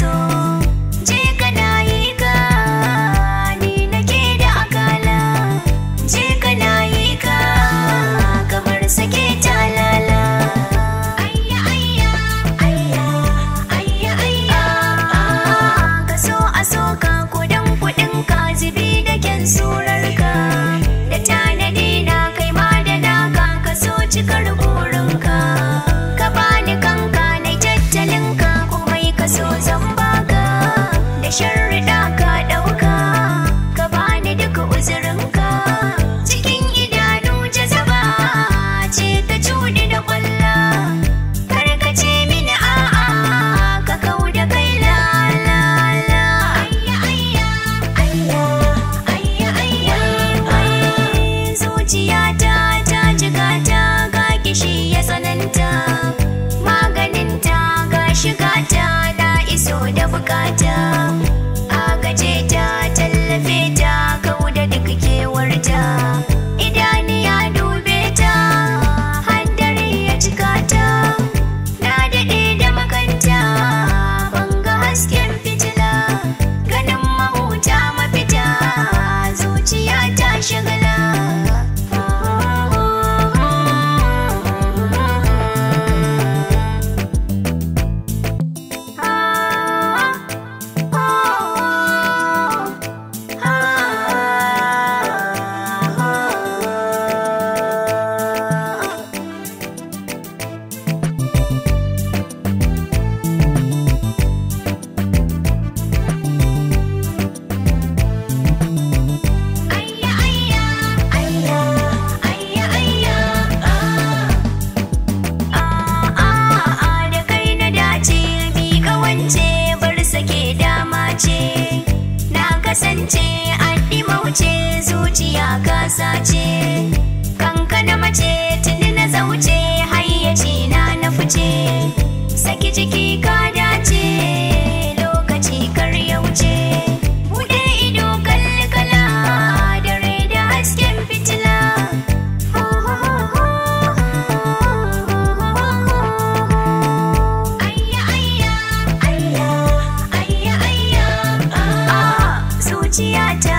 corazón. yata ta jiga ta ga kishi ya sananta maganinta ga shiga ta na iso da bukata kwance addi mauce zuciya kasa ce kankana mace tuni na zauce hayyaci na na fice saki jiki ka dace Gucci